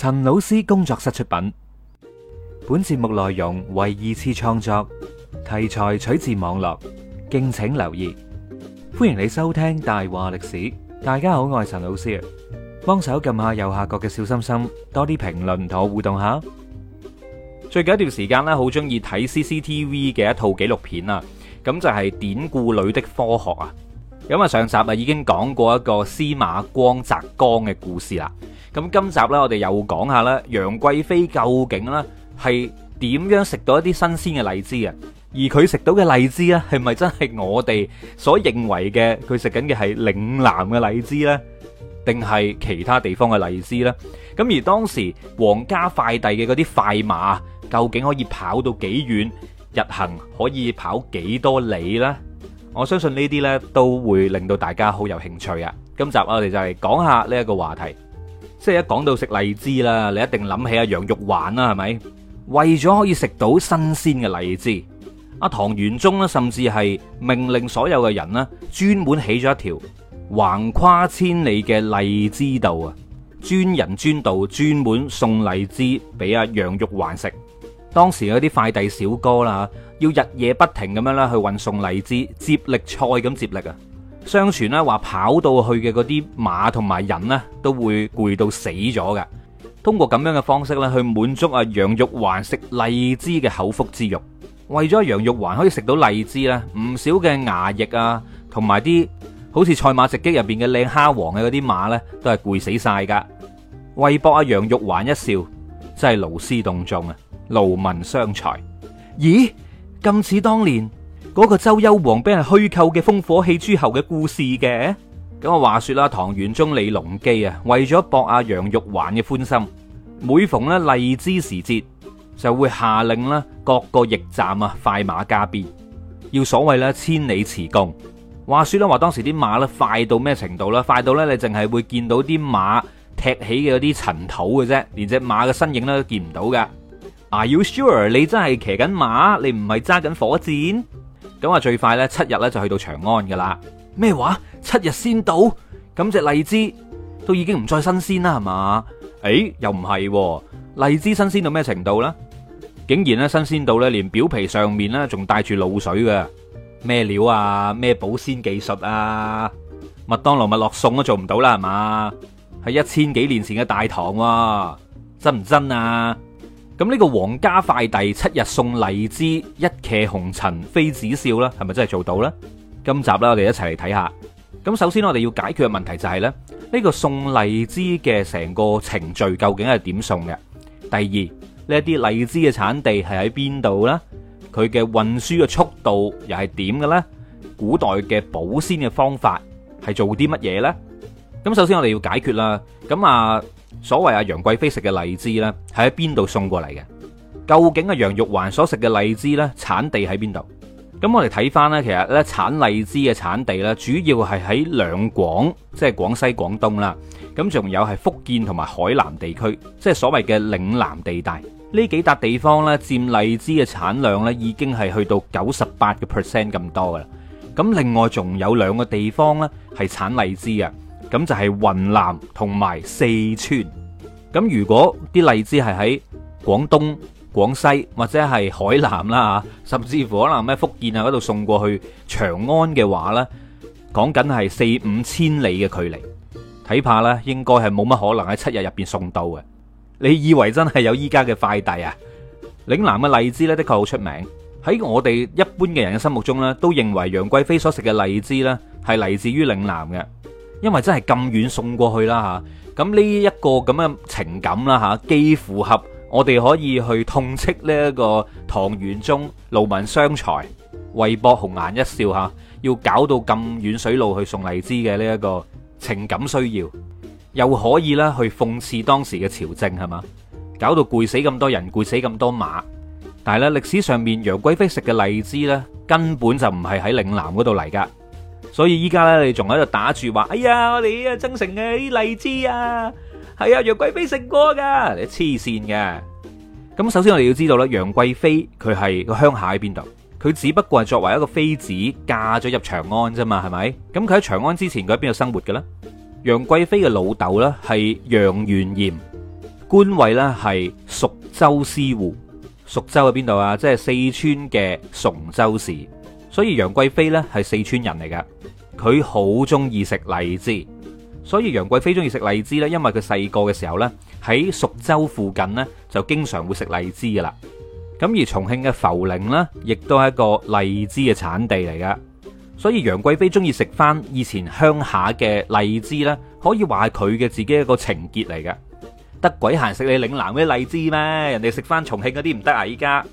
.陳老師工作室出品，本節目內容為二次創作，題材取自網絡，敬請留意。歡迎你收聽《大話歷史》，大家好，我係陳老師，幫手撳下右下角嘅小心心，多啲評論同我互動下。最近一段時間呢，好中意睇 CCTV 嘅一套紀錄片啊，咁就係、是《典故裏的科學》啊。咁啊，上集啊已經講過一個司馬光砸缸嘅故事啦。咁今集呢，我哋又講下呢，楊貴妃究竟呢係點樣食到一啲新鮮嘅荔枝啊？而佢食到嘅荔枝呢，係咪真係我哋所認為嘅？佢食緊嘅係嶺南嘅荔枝呢，定係其他地方嘅荔枝呢？咁而當時皇家快遞嘅嗰啲快馬究竟可以跑到幾遠？日行可以跑幾多里呢？我相信呢啲呢都會令到大家好有興趣啊！今集我哋就嚟講下呢一個話題。即係一講到食荔枝啦，你一定諗起阿楊玉環啦，係咪？為咗可以食到新鮮嘅荔枝，阿唐玄宗呢，甚至係命令所有嘅人呢，專門起咗一條橫跨千里嘅荔枝道啊！專人專道，專門送荔枝俾阿楊玉環食。當時嗰啲快遞小哥啦，要日夜不停咁樣去運送荔枝，接力賽咁接力啊！相傳咧話跑到去嘅嗰啲馬同埋人呢，都會攰到死咗嘅，通過咁樣嘅方式咧去滿足阿楊玉環食荔枝嘅口腹之欲，為咗楊玉環可以食到荔枝咧，唔少嘅衙役啊同埋啲好似賽馬直擊入邊嘅靚蝦王嘅嗰啲馬呢，都係攰死晒噶，為博阿楊玉環一笑，真係勞師動眾啊，勞民傷財。咦，咁似當年？嗰、個周幽王俾人虛構嘅烽火戲諸侯嘅故事嘅咁啊。話說啦，唐玄宗李隆基啊，為咗博阿楊玉環嘅歡心，每逢呢荔枝時節，就會下令呢各個驛站啊快馬加鞭，要所謂呢千里馳貢。話說啦，話當時啲馬呢快到咩程度呢？快到呢你淨係會見到啲馬踢起嘅嗰啲塵土嘅啫，連隻馬嘅身影咧都見唔到噶。Are you sure 你真係騎緊馬，你唔係揸緊火箭？咁話最快咧七日咧就去到長安噶啦，咩話七日先到？咁隻荔枝都已經唔再新鮮啦，係嘛？誒又唔係喎，荔枝新鮮到咩程度咧？竟然咧新鮮到咧連表皮上面咧仲帶住露水嘅，咩料啊？咩保鮮技術啊？麥當勞麥樂送都做唔到啦，係嘛？係一千幾年前嘅大唐喎，真唔真啊？咁呢個皇家快遞七日送荔枝，一騎紅塵妃子笑啦，係咪真係做到呢？今集啦，我哋一齊嚟睇下。咁首先我哋要解決嘅問題就係咧，呢個送荔枝嘅成個程序究竟係點送嘅？第二呢，一啲荔枝嘅產地係喺邊度呢？佢嘅運輸嘅速度又係點嘅呢？古代嘅保鮮嘅方法係做啲乜嘢呢？咁首先我哋要解決啦。咁啊。所謂阿楊貴妃食嘅荔枝呢係喺邊度送過嚟嘅？究竟阿楊玉環所食嘅荔枝呢，產地喺邊度？咁我哋睇翻呢，其實呢產荔枝嘅產地呢主要係喺兩廣，即係廣西、廣東啦。咁仲有係福建同埋海南地區，即係所謂嘅嶺南地帶。呢幾笪地方呢佔荔枝嘅產量呢已經係去到九十八個 percent 咁多噶啦。咁另外仲有兩個地方呢係產荔枝啊。咁就係雲南同埋四川。咁如果啲荔枝係喺廣東、廣西或者係海南啦，甚至乎可能咩福建啊，嗰度送過去長安嘅話呢，講緊係四五千里嘅距離，睇怕呢應該係冇乜可能喺七日入面送到嘅。你以為真係有依家嘅快遞啊？嶺南嘅荔枝呢，的確好出名。喺我哋一般嘅人嘅心目中呢，都認為楊貴妃所食嘅荔枝呢，係嚟自於嶺南嘅。因為真係咁遠送過去啦吓，咁呢一個咁嘅情感啦吓，幾符合我哋可以去痛斥呢一個唐玄宗勞民傷財、為博紅顏一笑吓，要搞到咁遠水路去送荔枝嘅呢一個情感需要，又可以咧去諷刺當時嘅朝政係嘛，搞到攰死咁多人、攰死咁多馬，但係咧歷史上面楊貴妃食嘅荔枝咧根本就唔係喺嶺南嗰度嚟噶。所以依家咧，你仲喺度打住話，哎呀，我哋啊增城嘅啲荔枝啊，係啊楊貴妃食過㗎，你黐線嘅。咁首先我哋要知道呢，楊貴妃佢係個鄉下喺邊度？佢只不過係作為一個妃子嫁咗入長安啫嘛，係咪？咁佢喺長安之前佢喺邊度生活嘅咧？楊貴妃嘅老豆咧係楊元琰，官位咧係蜀州司戶。蜀州喺邊度啊？即係四川嘅崇州市。所以楊貴妃呢係四川人嚟噶，佢好中意食荔枝。所以楊貴妃中意食荔枝呢，因為佢細個嘅時候呢，喺蜀州附近呢，就經常會食荔枝噶啦。咁而重慶嘅涪陵呢，亦都係一個荔枝嘅產地嚟噶。所以楊貴妃中意食翻以前鄉下嘅荔枝呢，可以話係佢嘅自己的一個情結嚟噶。得鬼閒食你嶺南嗰啲荔枝咩？人哋食翻重慶嗰啲唔得啊！依家。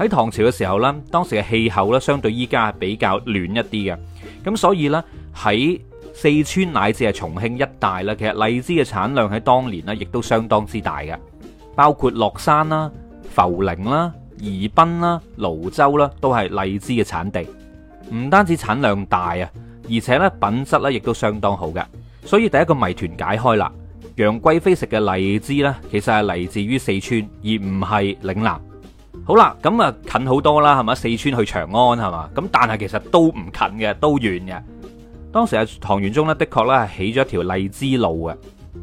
喺唐朝嘅時候呢，當時嘅氣候呢，相對依家係比較暖一啲嘅，咁所以呢，喺四川乃至係重慶一帶咧，其實荔枝嘅產量喺當年呢亦都相當之大嘅，包括樂山啦、涪陵啦、宜賓啦、瀘州啦，都係荔枝嘅產地。唔單止產量大啊，而且呢品質呢亦都相當好嘅，所以第一個謎團解開啦。楊貴妃食嘅荔枝呢，其實係嚟自於四川，而唔係嶺南。好啦，咁啊近好多啦，係嘛？四川去長安，係嘛？咁但係其實都唔近嘅，都遠嘅。當時啊，唐玄宗呢，的確咧係起咗一條荔枝路嘅，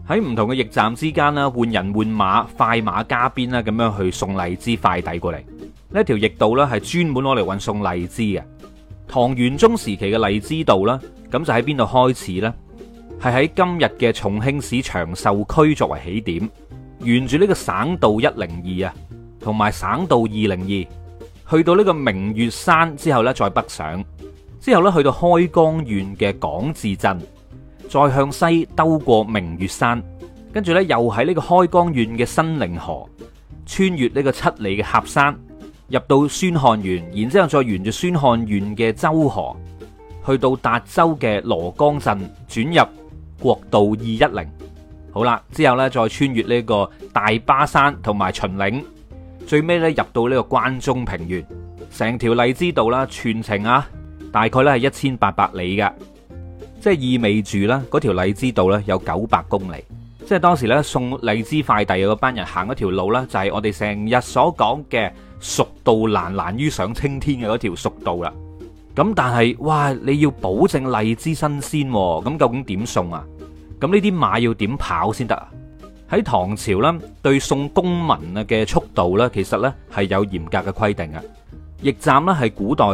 喺唔同嘅驛站之間啦，換人換馬，快馬加鞭啦，咁樣去送荔枝快遞過嚟。呢條驛道呢，係專門攞嚟運送荔枝嘅。唐玄宗時期嘅荔枝道呢，咁就喺邊度開始呢？係喺今日嘅重慶市長壽區作為起點，沿住呢個省道一零二啊。同埋省道二零二，去到呢個明月山之後呢再北上，之後呢去到開江縣嘅港治鎮，再向西兜過明月山，跟住呢又喺呢個開江縣嘅新寧河穿越呢個七里嘅峽山，入到宣漢縣，然之後再沿住宣漢縣嘅州河去到達州嘅羅江鎮，轉入國道二一零，好啦，之後呢再穿越呢個大巴山同埋秦嶺。最尾咧入到呢個關中平原，成條荔枝道啦，全程啊，大概咧係一千八百里嘅，即係意味住啦，嗰條荔枝道咧有九百公里，即係當時咧送荔枝快遞嗰班人行嗰條路咧，就係、是、我哋成日所講嘅蜀道難難於上青天嘅嗰條蜀道啦。咁但係哇，你要保證荔枝新鮮，咁究竟點送啊？咁呢啲馬要點跑先得啊？喺唐朝啦，對送公文啊嘅速度咧，其實咧係有嚴格嘅規定嘅。驛站咧係古代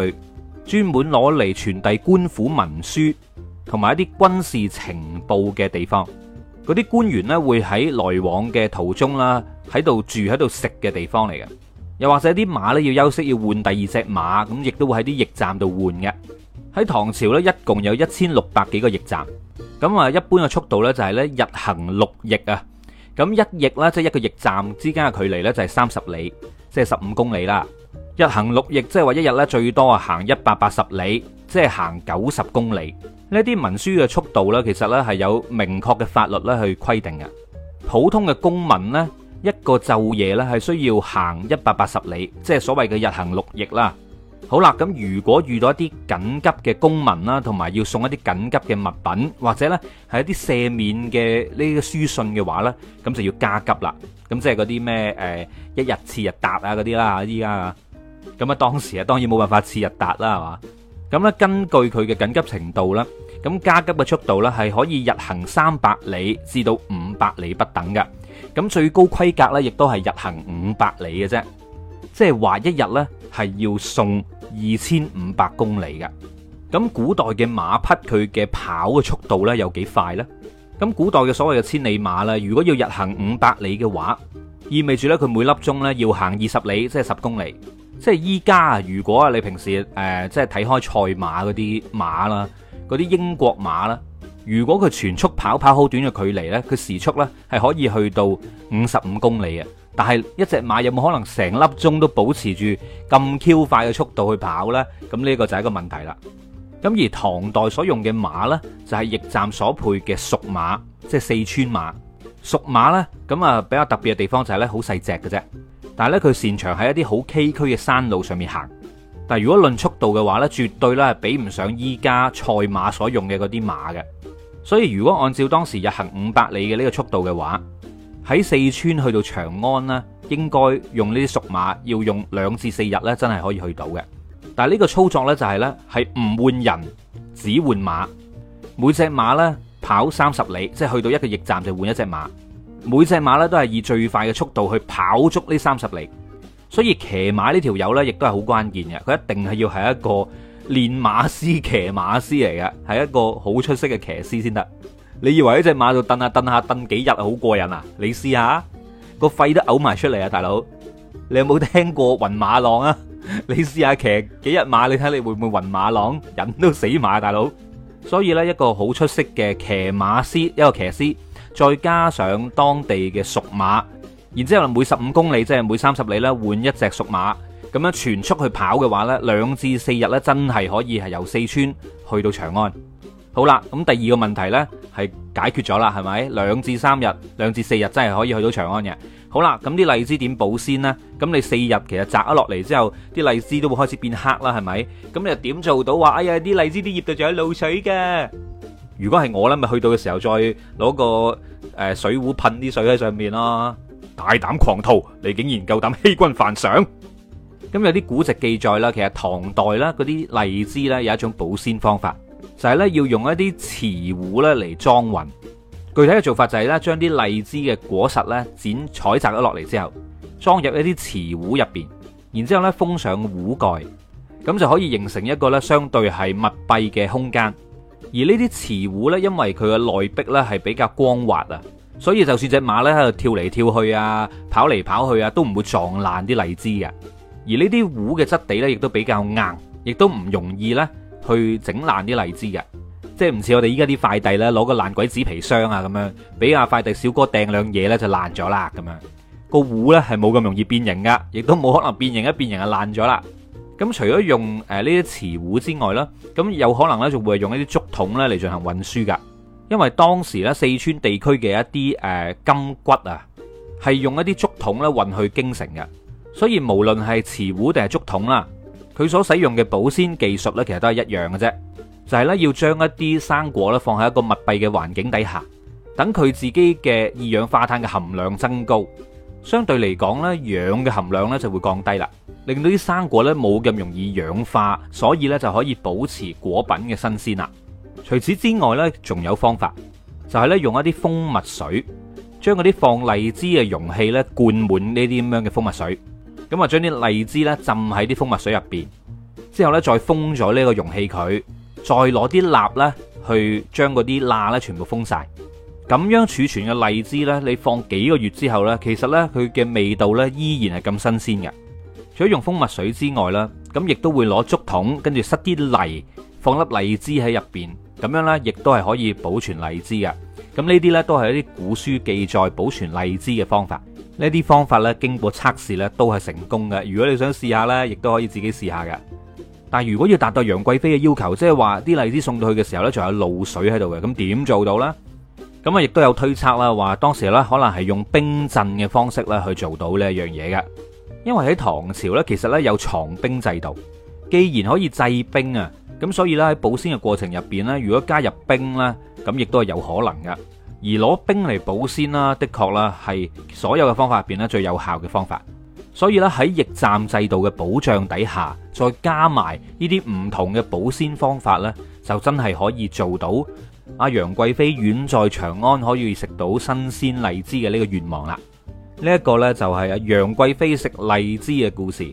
專門攞嚟傳遞官府文書同埋一啲軍事情報嘅地方。嗰啲官員咧會喺來往嘅途中啦，喺度住喺度食嘅地方嚟嘅。又或者啲馬咧要休息，要換第二隻馬咁，亦都會喺啲驛站度換嘅。喺唐朝咧，一共有一千六百幾個驛站。咁啊，一般嘅速度咧就係咧日行六驛啊。咁一驛呢，即係一個驛站之間嘅距離呢，就係三十里，即係十五公里啦。日行六驛，即係話一日呢，最多啊行一百八十里，即係行九十公里。呢啲文書嘅速度呢，其實呢係有明確嘅法律呢去規定嘅。普通嘅公民呢，一個晝夜呢，係需要行一百八十里，即係所謂嘅日行六驛啦。好啦，咁如果遇到一啲緊急嘅公文啦，同埋要送一啲緊急嘅物品，或者咧係一啲赦免嘅呢個書信嘅話咧，咁就要加急啦。咁即係嗰啲咩誒一日次日達啊嗰啲啦嚇，依家啊咁啊當時啊當然冇辦法次日達啦係咪？咁咧根據佢嘅緊急程度啦，咁加急嘅速度咧係可以日行三百里至到五百里不等嘅。咁最高規格咧亦都係日行五百里嘅啫，即係話一日咧係要送二千五百公里嘅，咁古代嘅馬匹佢嘅跑嘅速度呢有幾快呢？咁古代嘅所謂嘅千里馬呢，如果要日行五百里嘅話，意味住呢，佢每粒鐘呢要行二十里，即係十公里。即係依家如果啊你平時誒、呃、即係睇開賽馬嗰啲馬啦，嗰啲英國馬啦，如果佢全速跑跑好短嘅距離呢，佢時速呢係可以去到五十五公里啊！但係一隻馬有冇可能成粒鐘都保持住咁 Q 快嘅速度去跑呢？咁、這、呢個就係一個問題啦。咁而唐代所用嘅馬呢，就係驛站所配嘅蜀馬，即係四川馬。蜀馬呢，咁啊比較特別嘅地方就係呢好細隻嘅啫。但係呢，佢擅長喺一啲好崎嶇嘅山路上面行。但係如果論速度嘅話呢，絕對呢係比唔上依家賽馬所用嘅嗰啲馬嘅。所以如果按照當時日行五百里嘅呢個速度嘅話，喺四川去到長安呢，應該用呢啲熟馬，要用兩至四日呢，真係可以去到嘅。但係呢個操作呢、就是，就係呢，係唔換人，只換馬。每隻馬呢，跑三十里，即係去到一個驛站就換一隻馬。每隻馬呢，都係以最快嘅速度去跑足呢三十里。所以騎馬呢條友呢，亦都係好關鍵嘅。佢一定係要係一個練馬師、騎馬師嚟嘅，係一個好出色嘅騎師先得。你以為一隻馬就蹬下蹬下蹬幾日好過癮啊？你試下，個肺都嘔埋出嚟啊，大佬！你有冇聽過暈馬浪啊？你試下騎幾日馬，你睇你會唔會暈馬浪？人都死馬啊，大佬！所以呢，一個好出色嘅騎馬師，一個騎師，再加上當地嘅熟馬，然之後每十五公里即係每三十里呢，換一隻熟馬，咁樣全速去跑嘅話呢，兩至四日呢，真係可以係由四川去到長安。好啦，咁第二個問題呢係解決咗啦，係咪？兩至三日，兩至四日真係可以去到長安嘅。好啦，咁啲荔枝點保鮮呢？咁你四日其實摘咗落嚟之後，啲荔枝都會開始變黑啦，係咪？咁你又點做到話？哎呀，啲荔枝啲葉就仲有露水嘅。如果係我呢，咪去到嘅時候再攞個誒水壺噴啲水喺上面咯。大膽狂徒，你竟然夠膽欺君犯上？咁有啲古籍記載啦，其實唐代啦，嗰啲荔枝呢，有一種保鮮方法。就係咧，要用一啲瓷壺咧嚟裝運。具體嘅做法就係咧，將啲荔枝嘅果實咧剪採摘咗落嚟之後，裝入一啲瓷壺入邊，然之後咧封上壺蓋，咁就可以形成一個咧相對係密閉嘅空間。而呢啲瓷壺咧，因為佢嘅內壁咧係比較光滑啊，所以就算隻馬咧喺度跳嚟跳去啊，跑嚟跑去啊，都唔會撞爛啲荔枝嘅。而呢啲壺嘅質地咧，亦都比較硬，亦都唔容易咧，去整爛啲荔枝嘅，即係唔似我哋依家啲快遞呢，攞個爛鬼紙皮箱啊，咁樣，俾阿快遞小哥掟兩嘢呢，就爛咗啦咁樣。個壺呢，係冇咁容易變形噶，亦都冇可能變形，一變形啊，爛咗啦。咁除咗用呢啲瓷壺之外呢，咁有可能呢，仲會用一啲竹筒呢嚟進行運輸噶，因為當時呢，四川地區嘅一啲、呃、金骨啊，係用一啲竹筒呢運去京城嘅，所以無論係瓷壺定係竹筒啦。佢所使用嘅保鮮技術呢，其實都係一樣嘅啫，就係呢：要將一啲生果放喺一個密閉嘅環境底下，等佢自己嘅二氧化碳嘅含量增高，相對嚟講呢，氧嘅含量呢就會降低啦，令到啲生果呢冇咁容易氧化，所以呢就可以保持果品嘅新鮮啦。除此之外呢仲有方法，就係呢：用一啲蜂蜜水，將嗰啲放荔枝嘅容器呢灌滿呢啲咁樣嘅蜂蜜水。咁啊，將啲荔枝咧浸喺啲蜂蜜水入面，之後咧再封咗呢個容器佢，再攞啲蠟咧去將嗰啲蠟咧全部封晒。咁樣儲存嘅荔枝咧，你放幾個月之後咧，其實咧佢嘅味道咧依然係咁新鮮嘅。除咗用蜂蜜水之外啦，咁亦都會攞竹筒，跟住塞啲泥，放粒荔枝喺入面。咁樣咧亦都係可以保存荔枝嘅。咁呢啲咧都係一啲古書記載保存荔枝嘅方法。呢啲方法呢，經過測試呢，都係成功嘅。如果你想試下呢，亦都可以自己試下嘅。但如果要達到楊貴妃嘅要求，即係話啲荔枝送到去嘅時候呢，仲有露水喺度嘅，咁點做到呢？咁啊，亦都有推測啦，話當時呢，可能係用冰鎮嘅方式呢去做到呢一樣嘢嘅。因為喺唐朝呢，其實呢有藏冰制度，既然可以製冰啊，咁所以呢，喺保鮮嘅過程入面呢，如果加入冰呢，咁亦都係有可能嘅。而攞冰嚟保鮮啦，的確啦，係所有嘅方法入邊咧最有效嘅方法。所以咧，喺驛站制度嘅保障底下，再加埋呢啲唔同嘅保鮮方法呢，就真係可以做到阿楊貴妃遠在長安可以食到新鮮荔枝嘅呢個願望啦。呢一個呢，就係阿楊貴妃食荔枝嘅故事。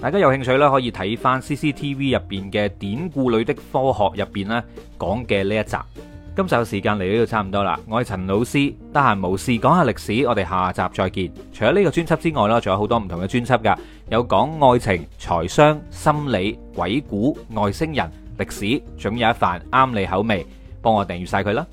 大家有興趣咧，可以睇翻 CCTV 入邊嘅《典故裏的科學》入邊呢講嘅呢一集。今集嘅時間嚟到呢度差唔多啦，我係陳老師，得閒無事講下歷史，我哋下集再見。除咗呢個專輯之外呢，仲有好多唔同嘅專輯噶，有講愛情、財商、心理、鬼故、外星人、歷史，總有一番啱你口味，幫我訂閱晒佢啦。